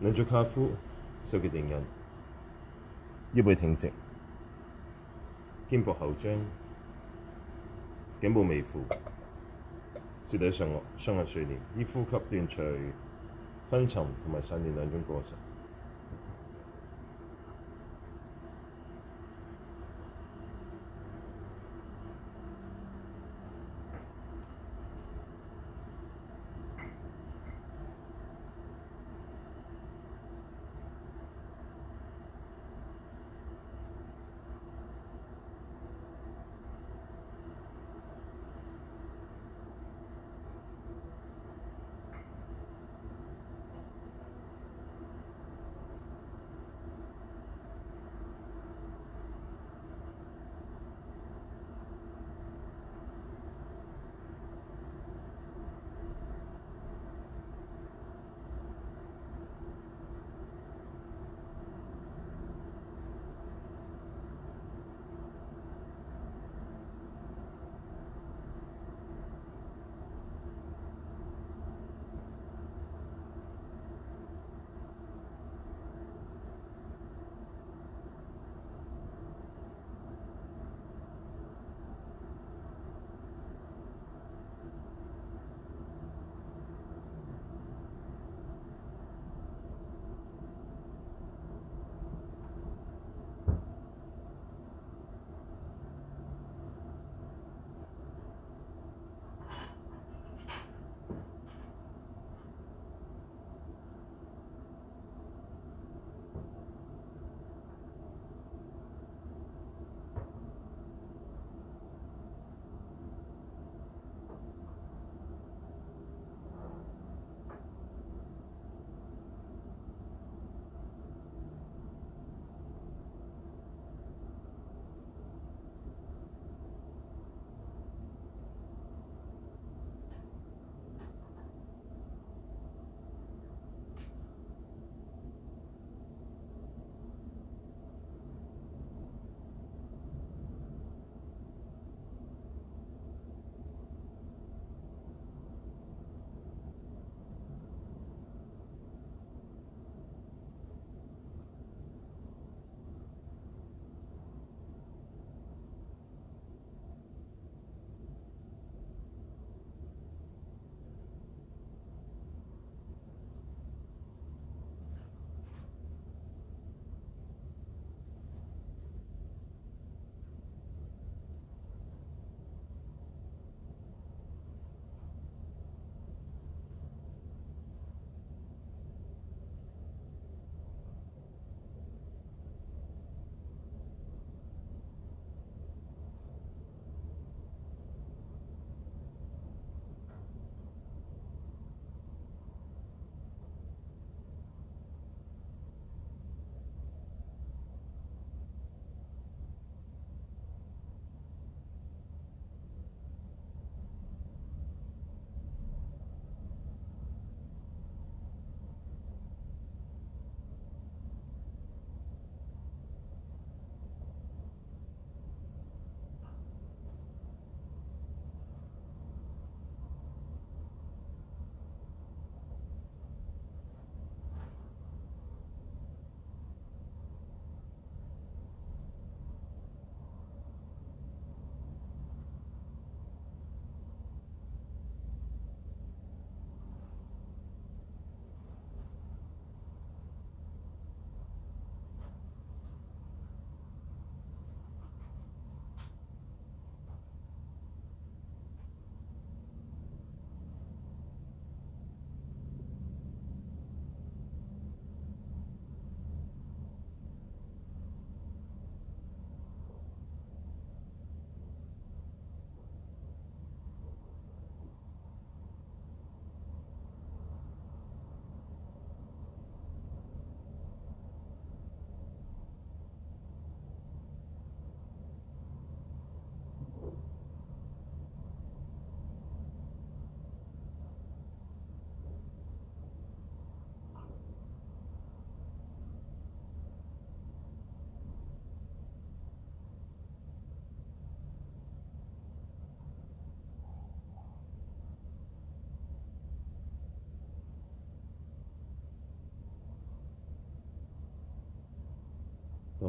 兩足跏趺雙手定印，腰背挺直，肩膊後張，頸部微俯，舌抵上顎，雙眼垂簾，以呼吸斷除昏沉同埋散亂兩種過失。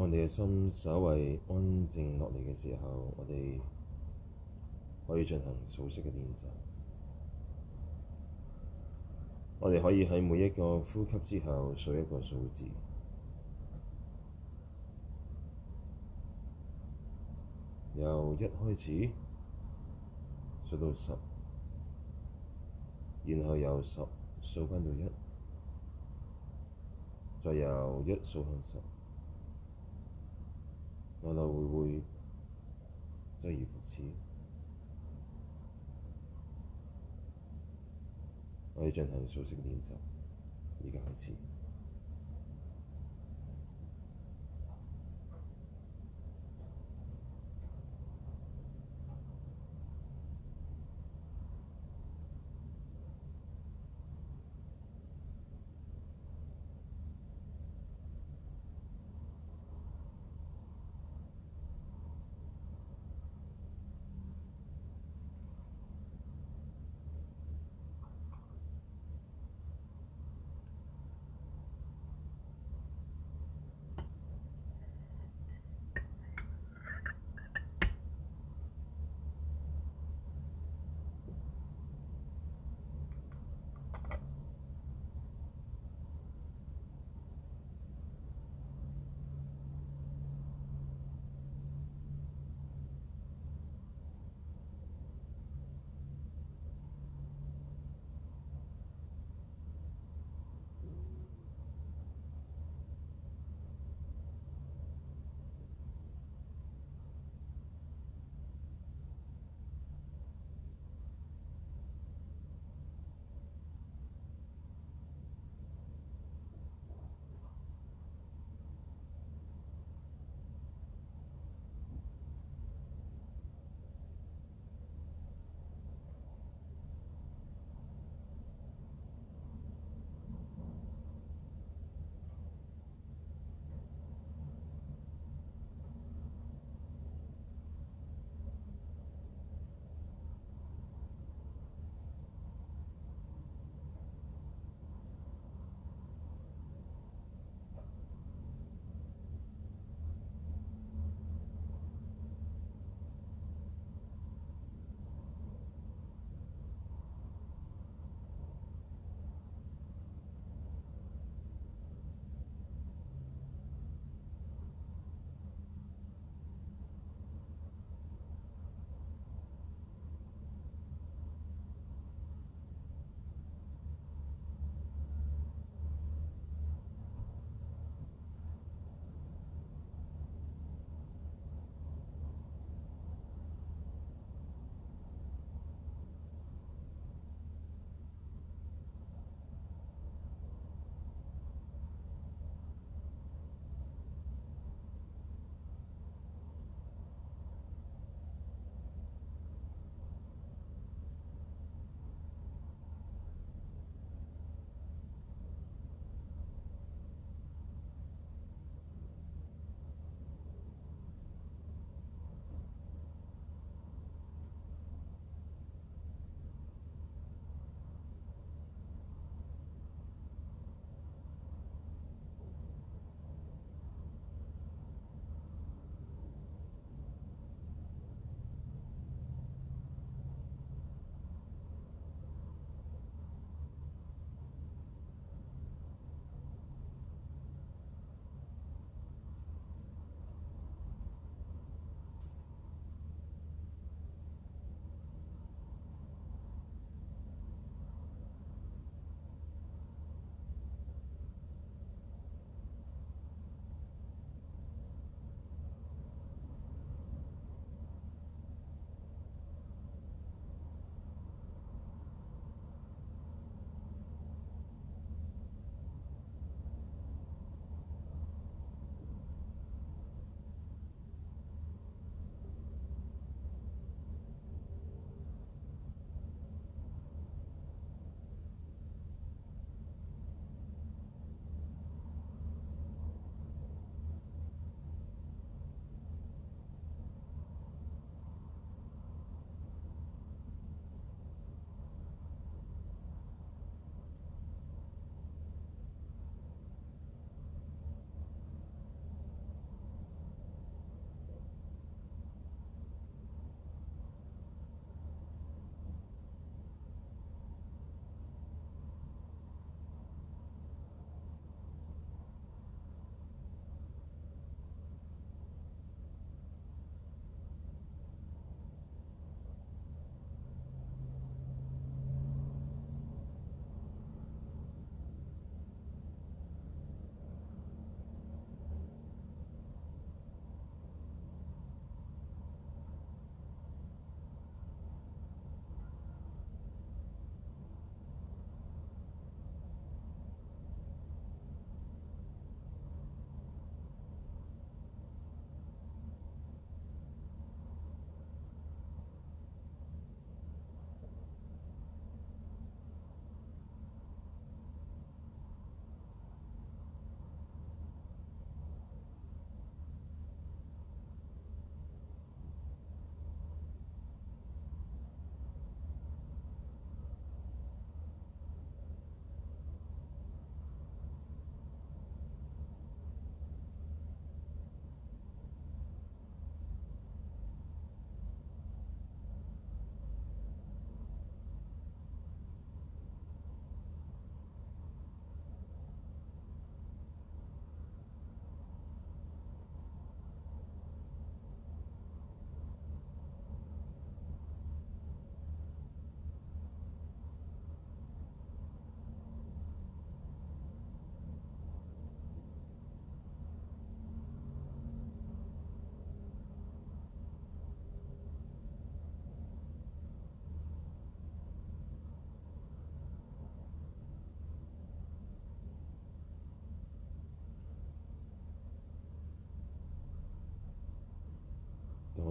我哋嘅心稍為安靜落嚟嘅時候，我哋可以進行數息嘅練習。我哋可以喺每一個呼吸之後數一個數字，由一開始數到十，然後由十數翻到一，再由一數向十。來來回回，周而復始。此我要進行數字練習，而家開始。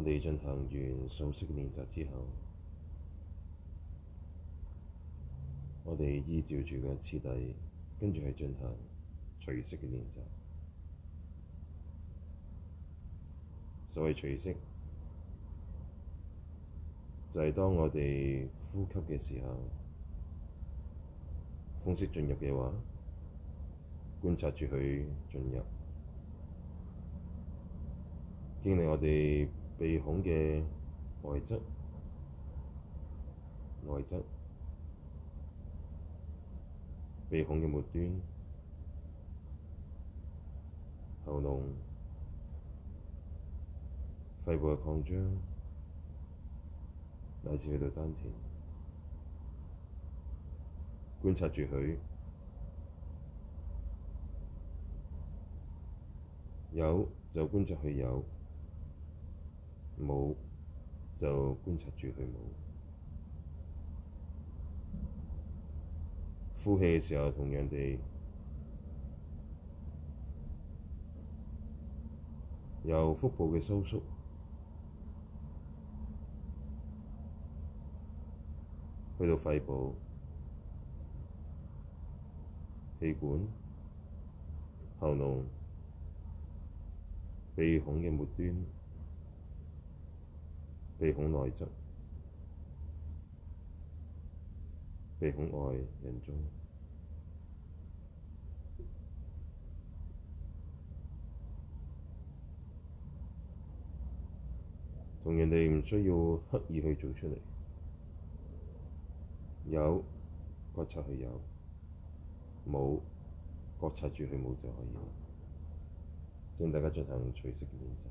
我哋進行完數息嘅練習之後，我哋依照住嘅次第，跟住去進行隨息嘅練習。所謂隨息，就係、是、當我哋呼吸嘅時候，風息進入嘅話，觀察住佢進入，經歷我哋。鼻孔嘅外側、內側、鼻孔嘅末端、喉嚨、肺部嘅擴張，乃至去到丹田，觀察住佢有就觀察佢有。冇，就觀察住佢冇。呼氣嘅時候，同樣地由腹部嘅收縮，去到肺部、氣管、喉嚨、鼻孔嘅末端。鼻孔內側、鼻孔外人中，同樣地唔需要刻意去做出嚟，有覺察佢有，冇覺察住佢冇就可以。請大家進行隨息嘅練習。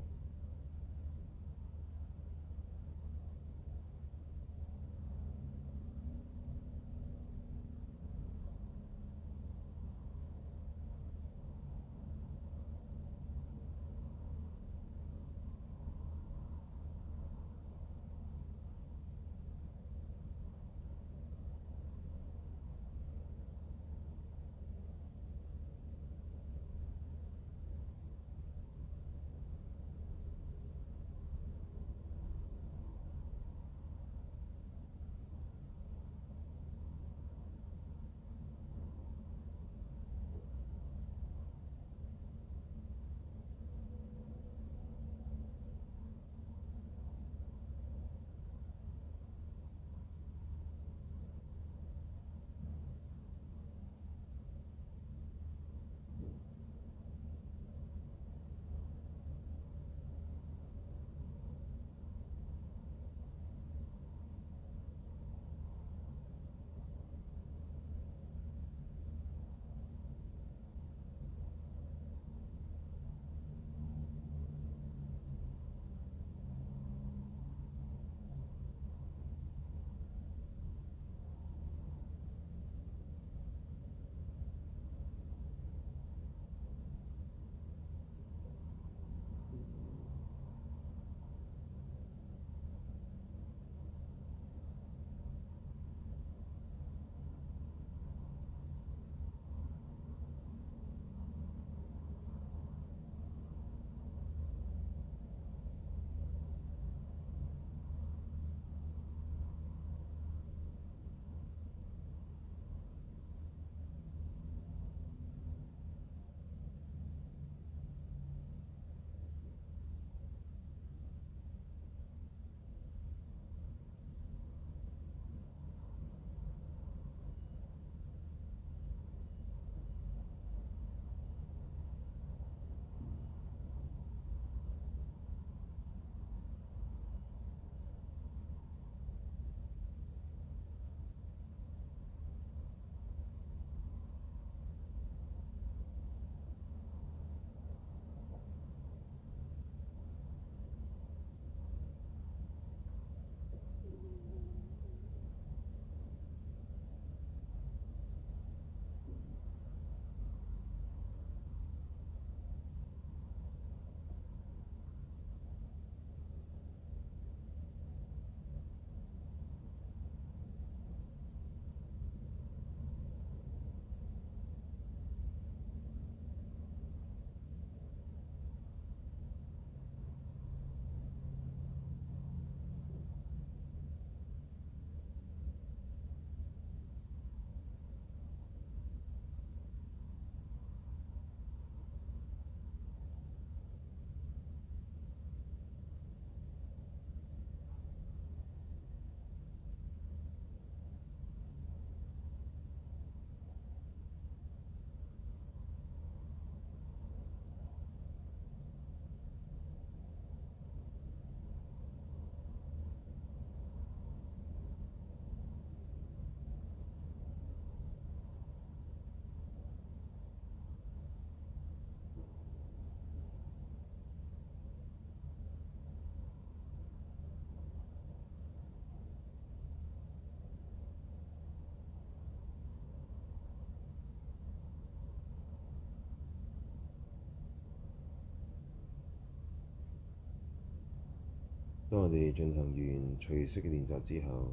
當我哋進行完隨息嘅練習之後，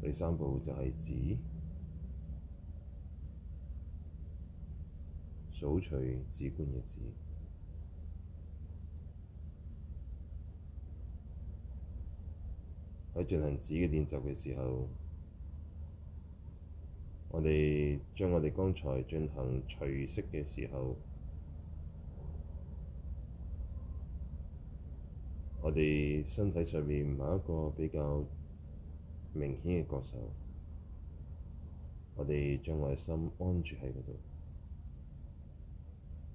第三步就係止，數除止觀嘅止。喺進行止嘅練習嘅時候，我哋將我哋剛才進行隨息嘅時候。我哋身體上面某一個比較明顯嘅覺受，我哋將內心安住喺嗰度，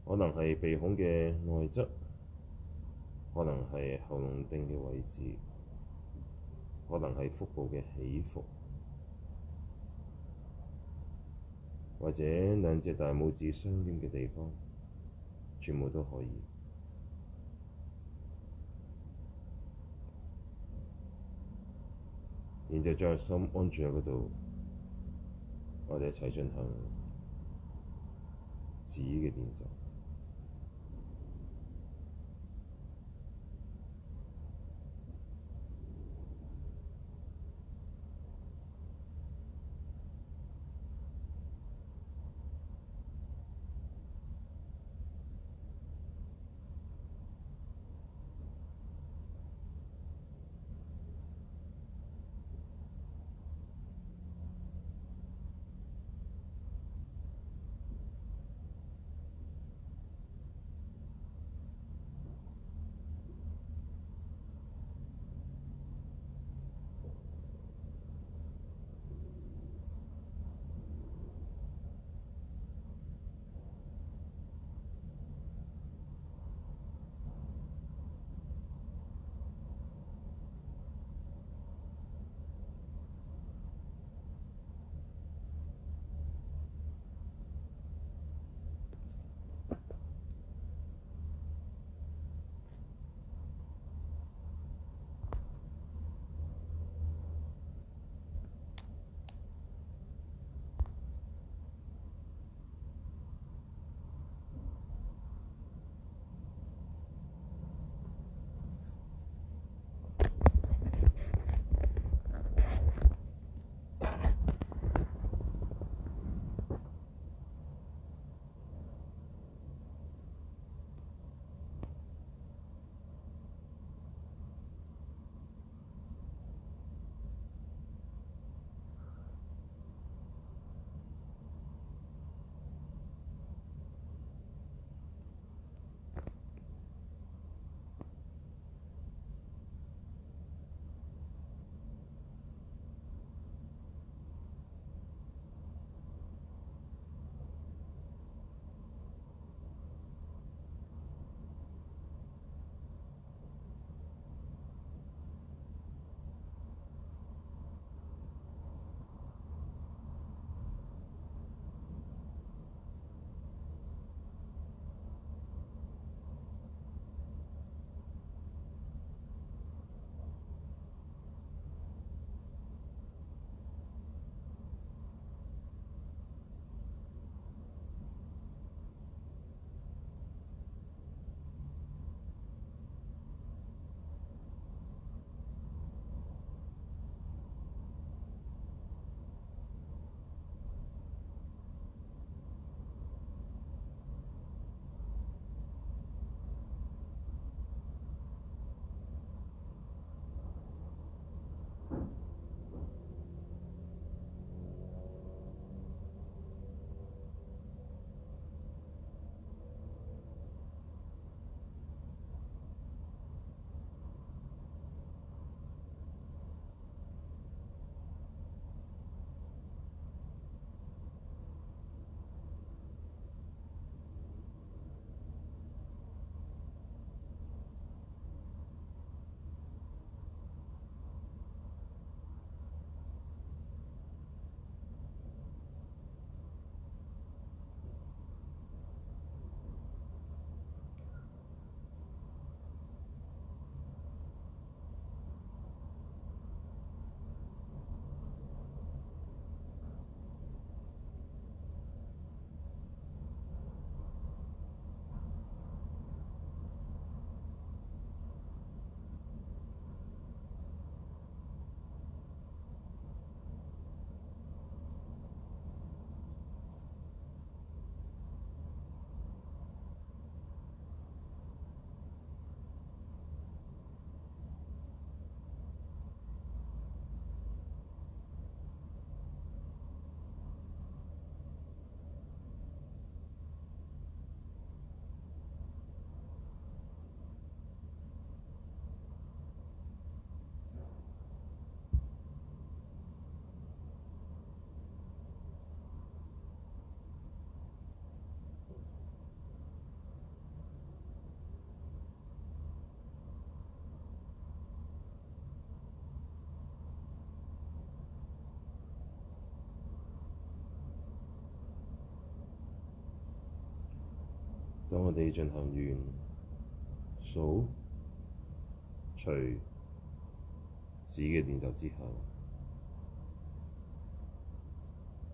可能係鼻孔嘅內側，可能係喉嚨定嘅位置，可能係腹部嘅起伏，或者兩隻大拇指相應嘅地方，全部都可以。然後將心安住喺嗰度，我哋一齊進行自己嘅練習。當我哋進行完數除子嘅練習之後，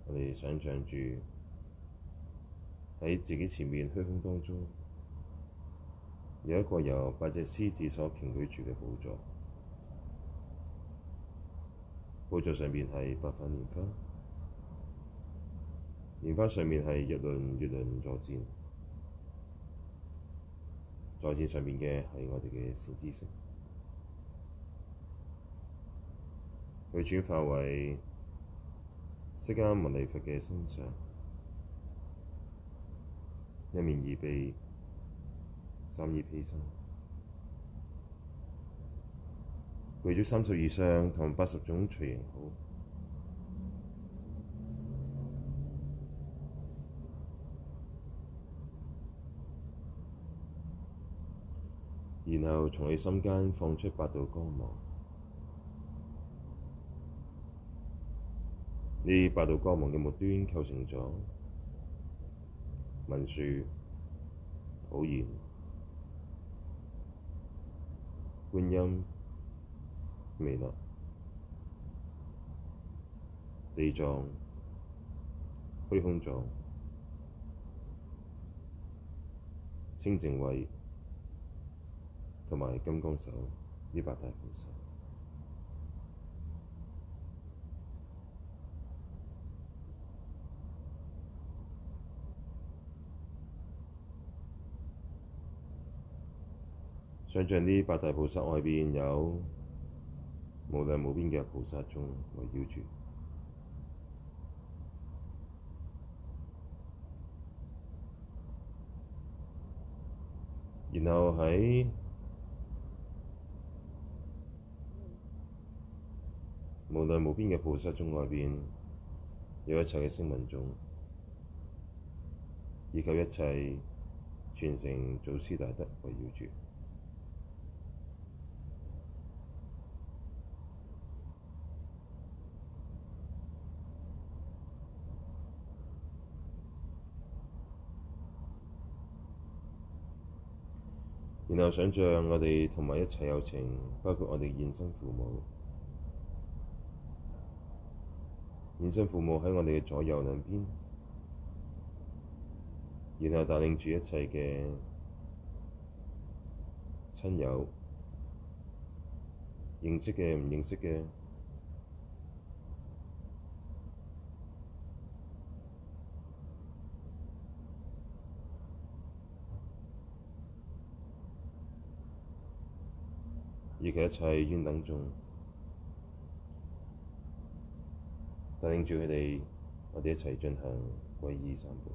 我哋想像住喺自己前面虛空當中有一個由八隻獅子所擎舉住嘅寶座，寶座上面係八份蓮花，蓮花上面係日輪月輪坐墊。再線上面嘅係我哋嘅善知識，佢轉化為釋迦牟尼佛嘅身相，一面二臂，三衣披身，具足三十二相，同八十種隨形好。然後從你心間放出八道光芒，呢八道光芒嘅末端構成咗文殊、普賢、觀音、彌勒、地藏、虛空藏、清淨慧。同埋金剛手呢八大菩薩，想像呢八大菩薩外邊有無量無邊嘅菩薩眾圍繞住，然後喺，無論無邊嘅菩薩中外邊，有一切嘅聲聞眾，以及一切傳承祖師大德圍繞住，然後想像我哋同埋一切有情，包括我哋現生父母。現身父母喺我哋嘅左右兩邊，然後帶領住一切嘅親友、認識嘅、唔認識嘅，而佢一切已經等眾，帶領住佢哋，我哋一齊進行皈依三寶。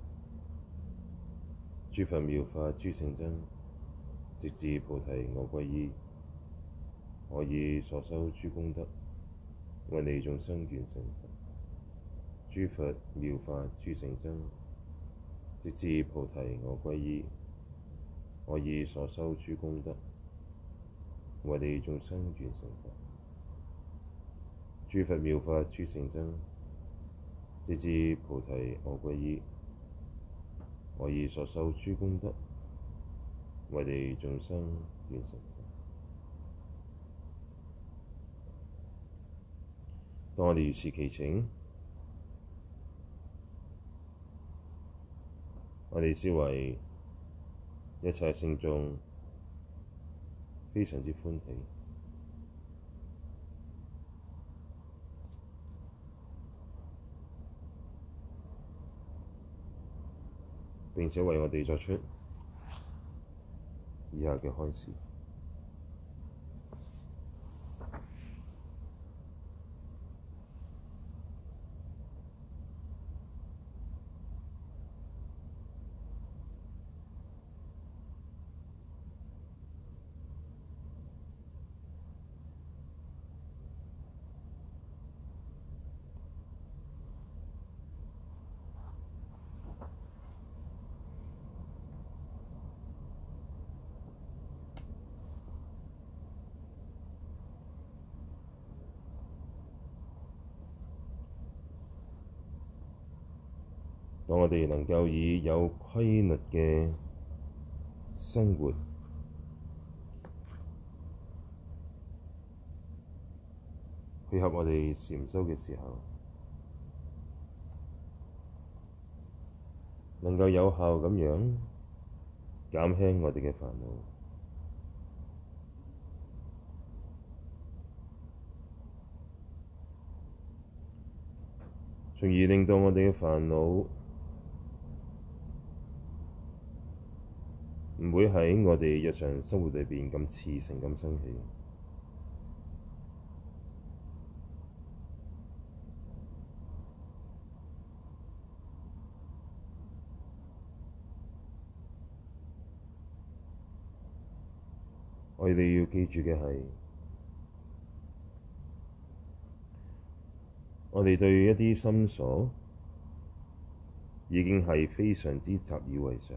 諸佛妙法，諸聖僧，直至菩提我皈依。我以所修諸功德，為你眾生願成佛。諸佛妙法，諸聖僧，直至菩提我皈依。我以所修諸功德，為你眾生願成。佛。」「諸佛妙法諸諸佛，諸聖僧」。直至菩提我歸依，我以所受諸功德為你眾生完成。當我哋如是其情，我哋視為一切聖眾非常之歡喜。並且為我哋作出以下嘅開始。當我哋能夠以有規律嘅生活配合我哋禪修嘅時候，能夠有效咁樣減輕我哋嘅煩惱，從而令到我哋嘅煩惱，唔會喺我哋日常生活裏邊咁恥性咁生氣。 我哋要記住嘅係，我哋對一啲心所已經係非常之習以為常。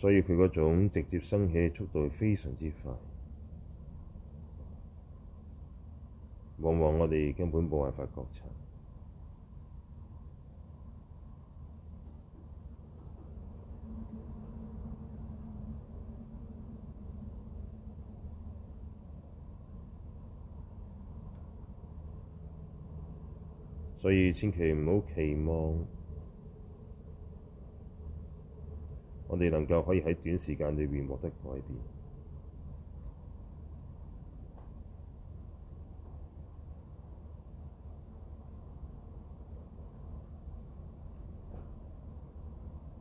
所以佢嗰種直接升起嘅速度非常之快，往往我哋根本冇辦法覺察，所以千祈唔好期望。我哋能夠可以喺短時間裏面獲得改變，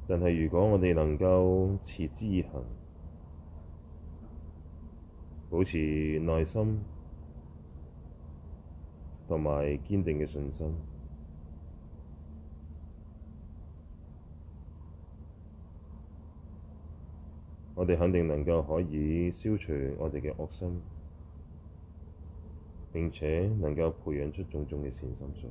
但係如果我哋能夠持之以恆，保持耐心，同埋堅定嘅信心。我哋肯定能夠可以消除我哋嘅惡心，並且能夠培養出種種嘅善心。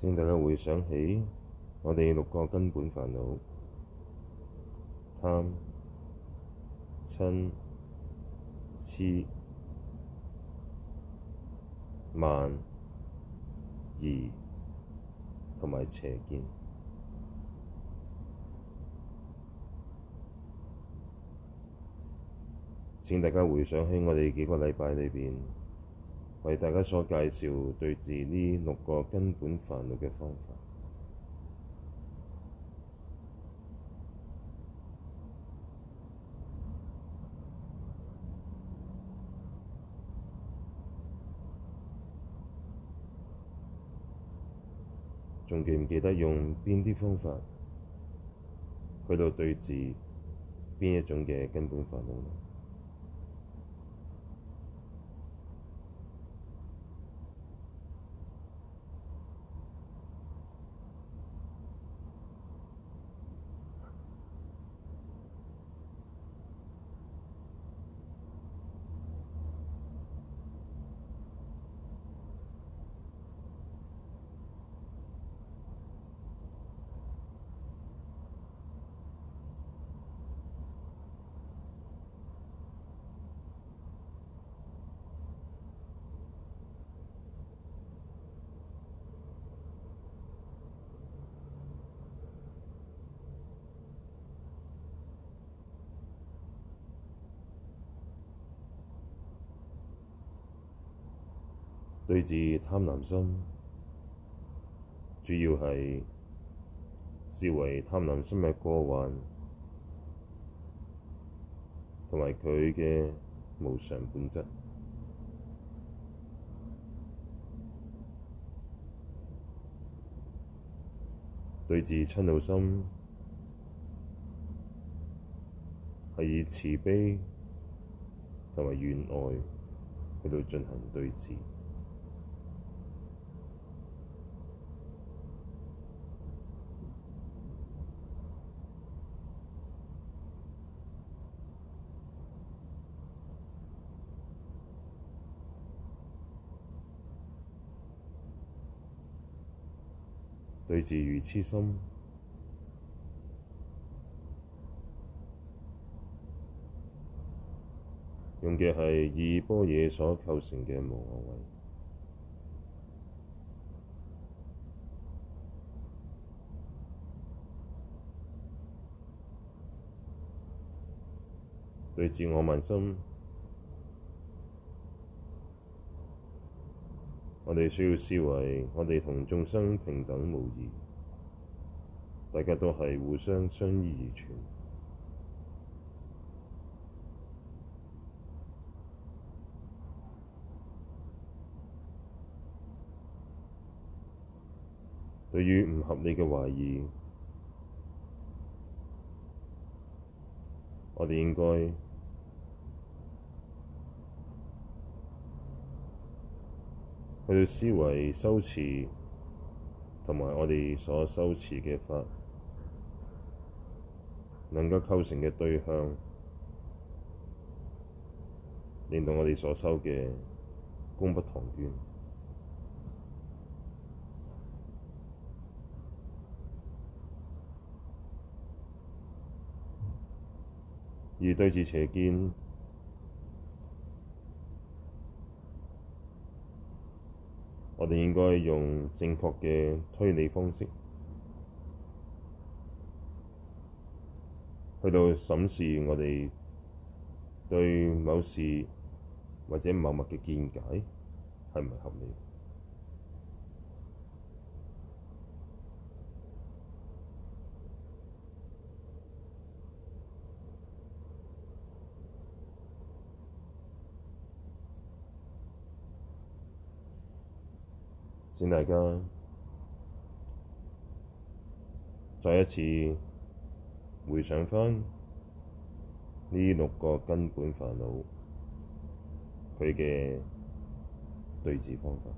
請大家回想起我哋六個根本煩惱：貪、嗔、痴、慢、疑，同埋邪見。請大家回想起我哋幾個禮拜裏邊，為大家所介紹對治呢六個根本煩惱嘅方法，仲記唔記得用邊啲方法去到對治邊一種嘅根本煩惱呢？對治貪婪心，主要係視為貪婪心嘅過患，同埋佢嘅無常本質。對治瞋怒心，係以慈悲同埋願愛喺度進行對治。對治愚痴心，用嘅係二波耶所構成嘅無我位。對治我慢心。我哋需要思維，我哋同眾生平等無異，大家都係互相相依而存。對於唔合理嘅懷疑，我哋應該。佢哋思維修持，同埋我哋所修持嘅法，能夠構成嘅對象，令到我哋所修嘅功不唐捐，而對住邪見。我哋應該用正確嘅推理方式，去到審視我哋對某事或者某物嘅見解係唔係合理。先大家再一次回想返呢六個根本煩惱，佢嘅對治方法。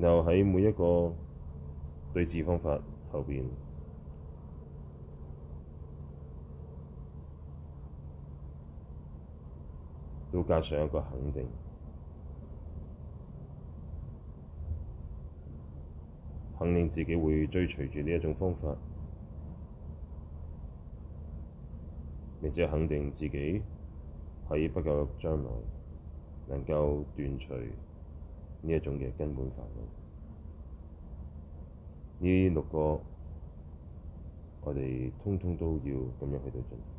然後喺每一個對治方法後邊，都加上一個肯定，肯定自己會追隨住呢一種方法，並且肯定自己喺不久嘅將來能夠斷除。呢一種嘅根本煩惱，呢六個我哋通通都要咁樣去到做。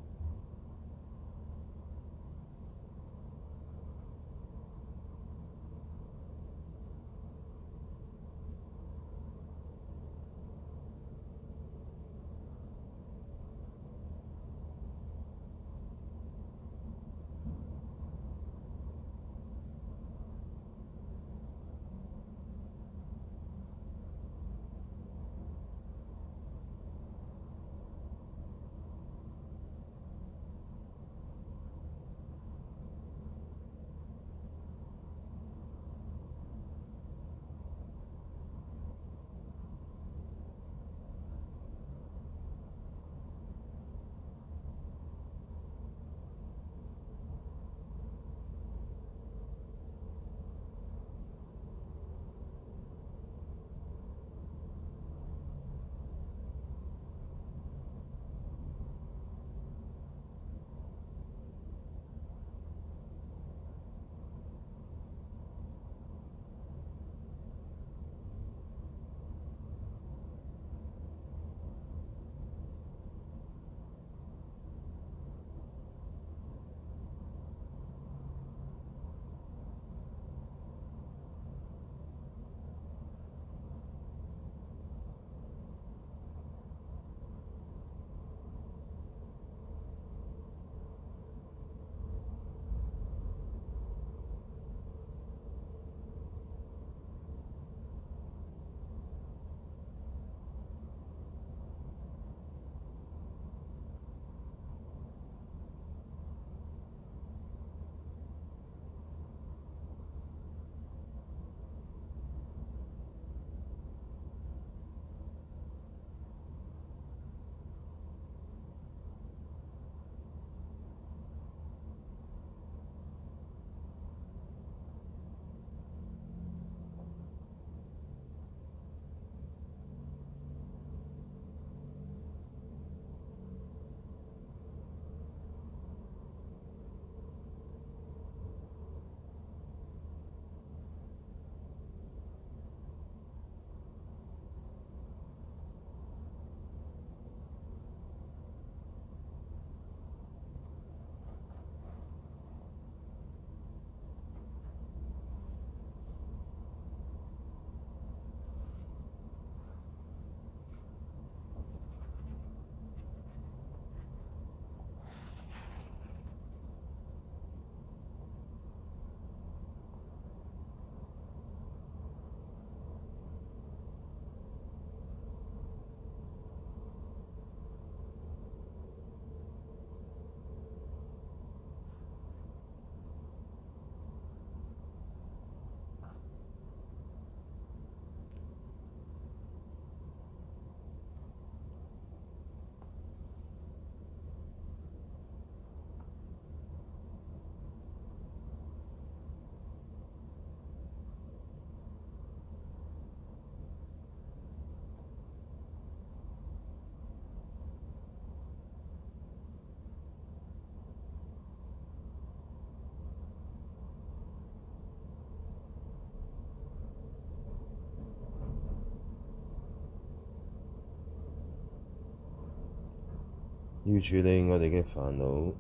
要處理我哋嘅煩惱，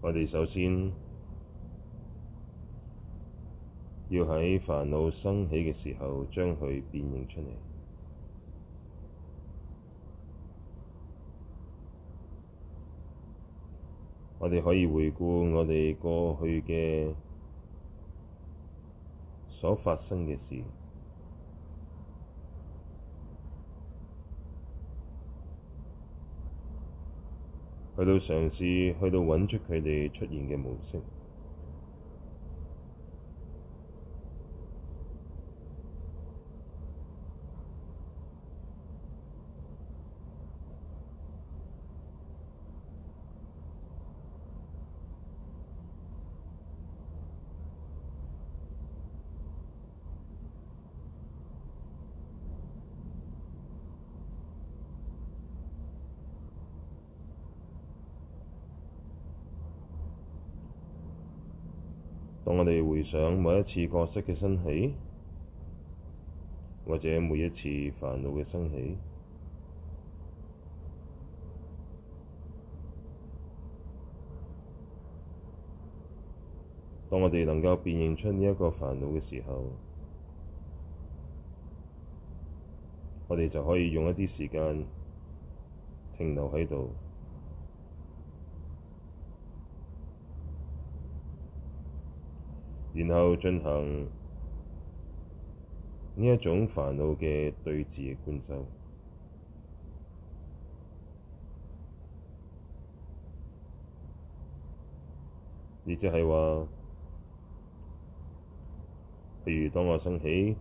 我哋首先要喺煩惱生起嘅時候，將佢辨認出嚟。我哋可以回顧我哋過去嘅所發生嘅事。去到嘗試去到揾出佢哋出現嘅模式。回想每一次角色嘅升起，或者每一次煩惱嘅升起。當我哋能夠辨認出呢一個煩惱嘅時候，我哋就可以用一啲時間停留喺度。然後進行呢一種煩惱嘅對治嘅觀修，亦即係話，譬如當我升起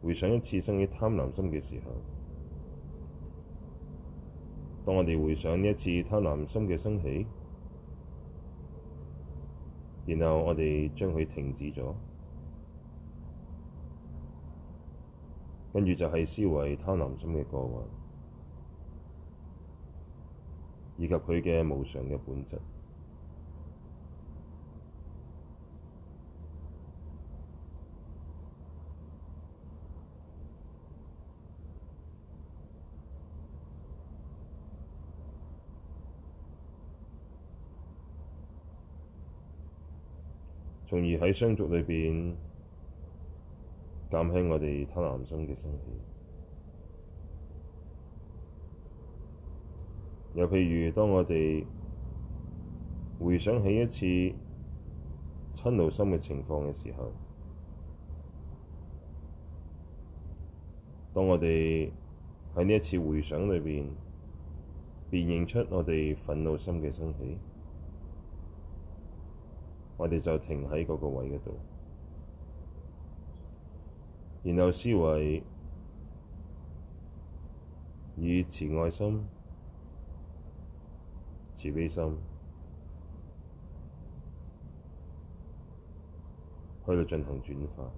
回想一次升起貪婪心嘅時候，當我哋回想呢一次貪婪心嘅升起，然後我哋將佢停止咗，跟住就係思維貪婪心嘅過患，以及佢嘅無常嘅本質。從而喺相續裏邊減輕我哋貪婪心嘅升起。又譬如，當我哋回想起一次嗔怒心嘅情況嘅時候，當我哋喺呢一次回想裏邊辨認出我哋憤怒心嘅升起。我哋就停喺嗰個位嗰度，然後思維以慈愛心、慈悲心去到進行轉化，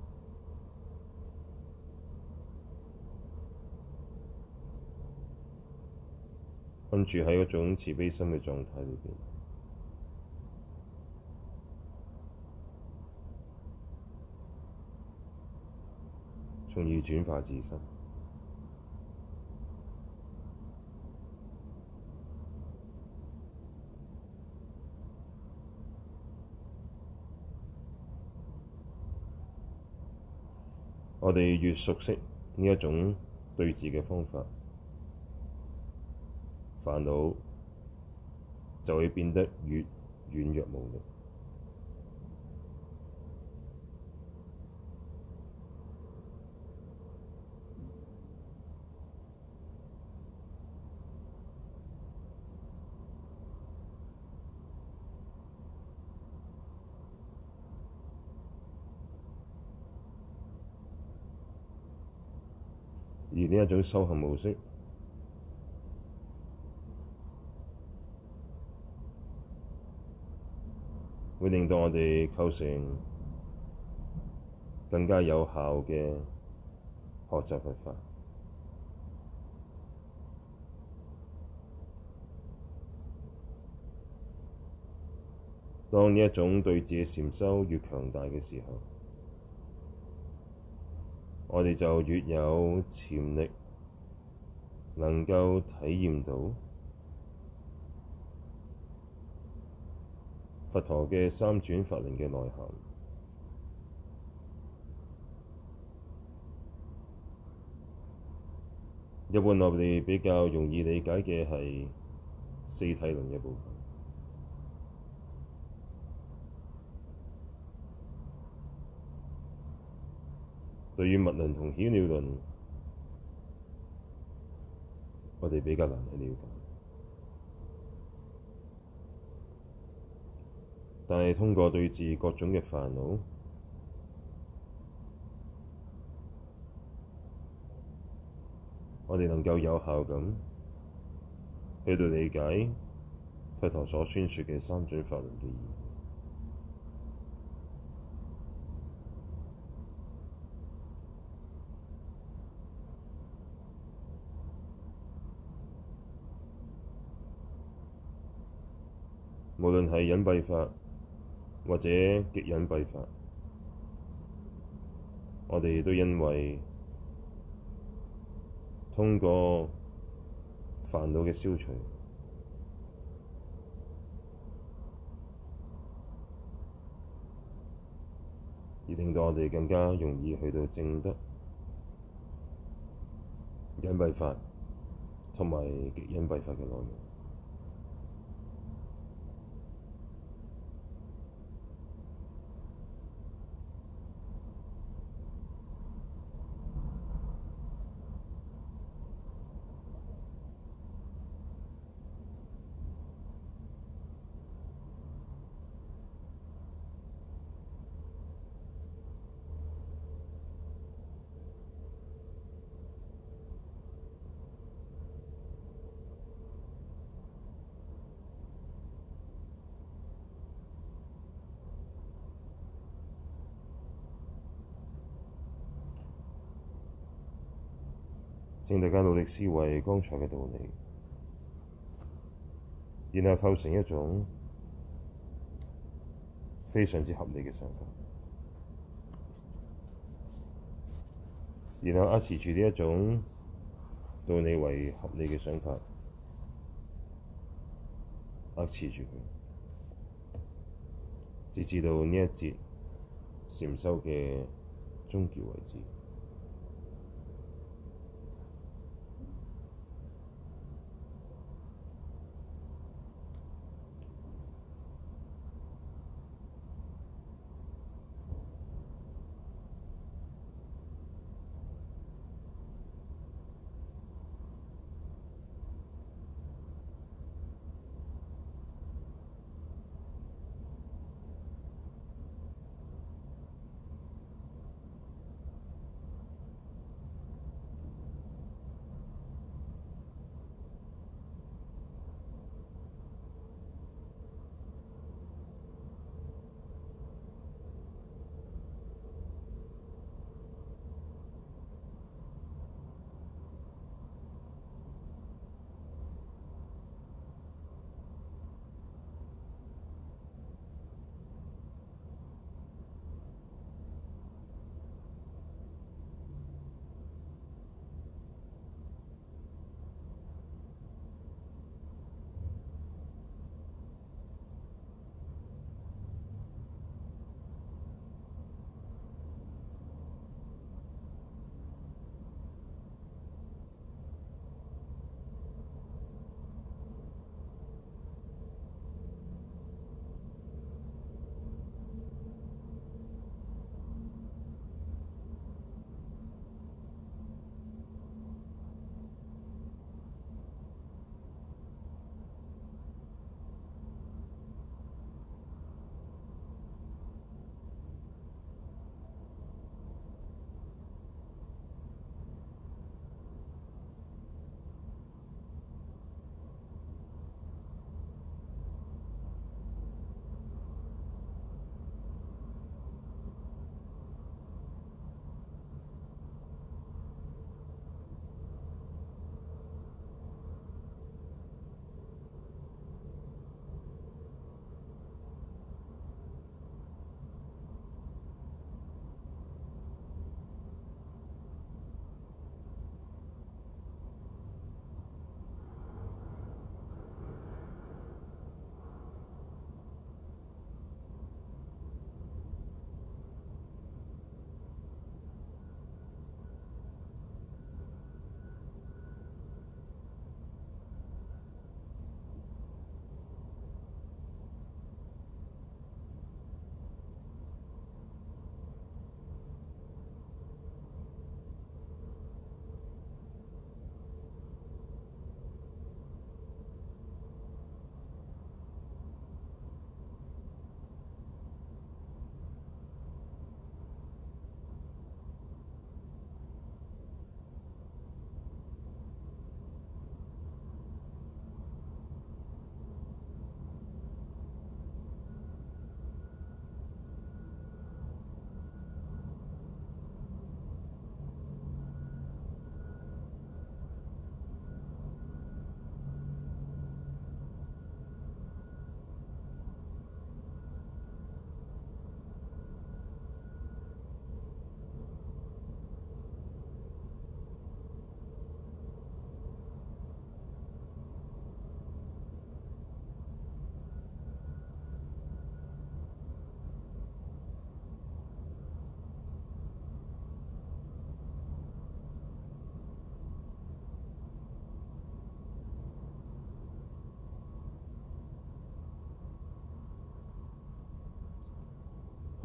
跟住喺嗰種慈悲心嘅狀態裏邊。仲要轉化自身。我哋越熟悉呢一種對治嘅方法，煩惱就會變得越軟弱無力。呢一種修行模式，會令到我哋構成更加有效嘅學習方法。當呢一種對治嘅禪修越強大嘅時候，我哋就越有潛力，能夠體驗到佛陀嘅三轉法輪嘅內涵。一般我哋比較容易理解嘅係四諦輪嘅部分。對於物論同顯了論，我哋比較難去了解，但係通過對治各種嘅煩惱，我哋能夠有效咁去到理解佛陀所宣説嘅三種法門嘅意義。無論係隱蔽法或者極隱蔽法，我哋都因為通過煩惱嘅消除，而令到我哋更加容易去到證得隱蔽法同埋極隱蔽法嘅內容。請大家努力思維剛才嘅道理，然後構成一種非常之合理嘅想法，然後壓持住呢一種對你為合理嘅想法壓持住佢，直至到呢一節禪修嘅終結為止。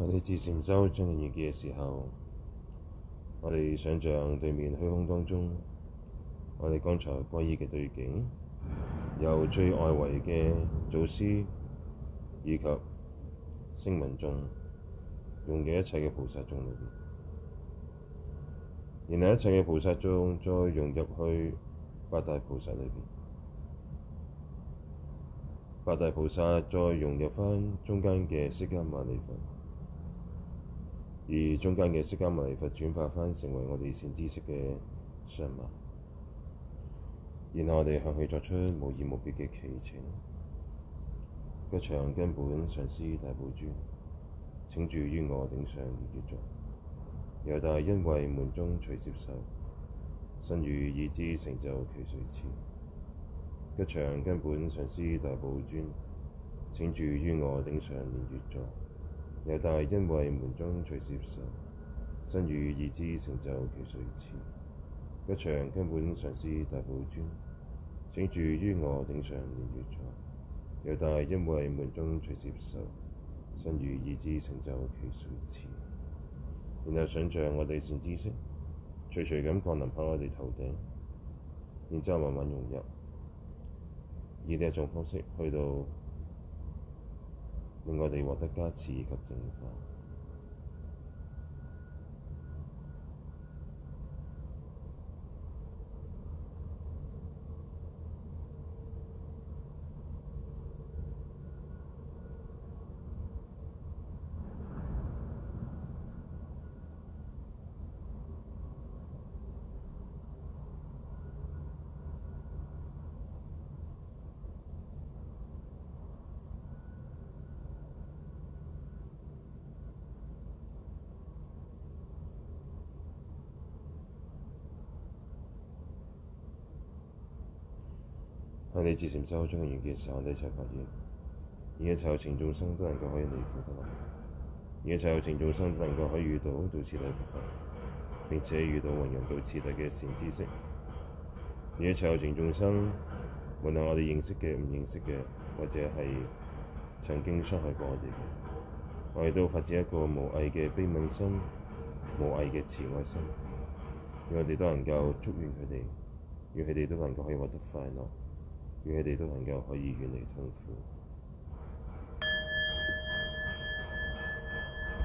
我哋至禪修將要完結嘅時候，我哋想象對面虛空當中，我哋剛才皈依嘅對境，由最外圍嘅祖師以及聲聞眾用嘅一切嘅菩薩眾裏邊，然後一切嘅菩薩眾再融入去八大菩薩裏邊，八大菩薩再融入翻中間嘅釋迦牟尼佛。而中間嘅釋迦牟尼佛轉化翻成為我哋善知識嘅上師，然後我哋向佢作出無二無別嘅祈請。吉祥根本上師大寶尊，請住於我頂上蓮月座。由大因為門中隨接受，身遇意志成就祈賜予。吉祥根本上師大寶尊，請住於我頂上蓮月座。又大，因為門中隨時受身遇，意知成就其瑞辭。吉祥根本上師大寶尊，請住於我頂上蓮月座。又大，因為門中隨時受身遇，意知成就其瑞辭。然後想像我哋善知識，徐徐咁降臨喺我哋頭頂，然之後慢慢融入，以呢一種方式去到。令我哋獲得加持以及淨化。喺禪修中將嘅完結時候，我哋一齊發現，而一切有情眾生都能夠可以離苦得樂，而一切有情眾生都能夠可以遇到道次第佛法，並且遇到運用道次第嘅善知識，而一切有情眾生無論我哋認識嘅、唔認識嘅，或者係曾經傷害過我哋嘅，我哋都發自一個無偽嘅悲憫心、無偽嘅慈愛心，讓我哋都能夠祝願佢哋，讓佢哋都能夠可以獲得快樂。願佢哋都能夠可以遠離痛苦。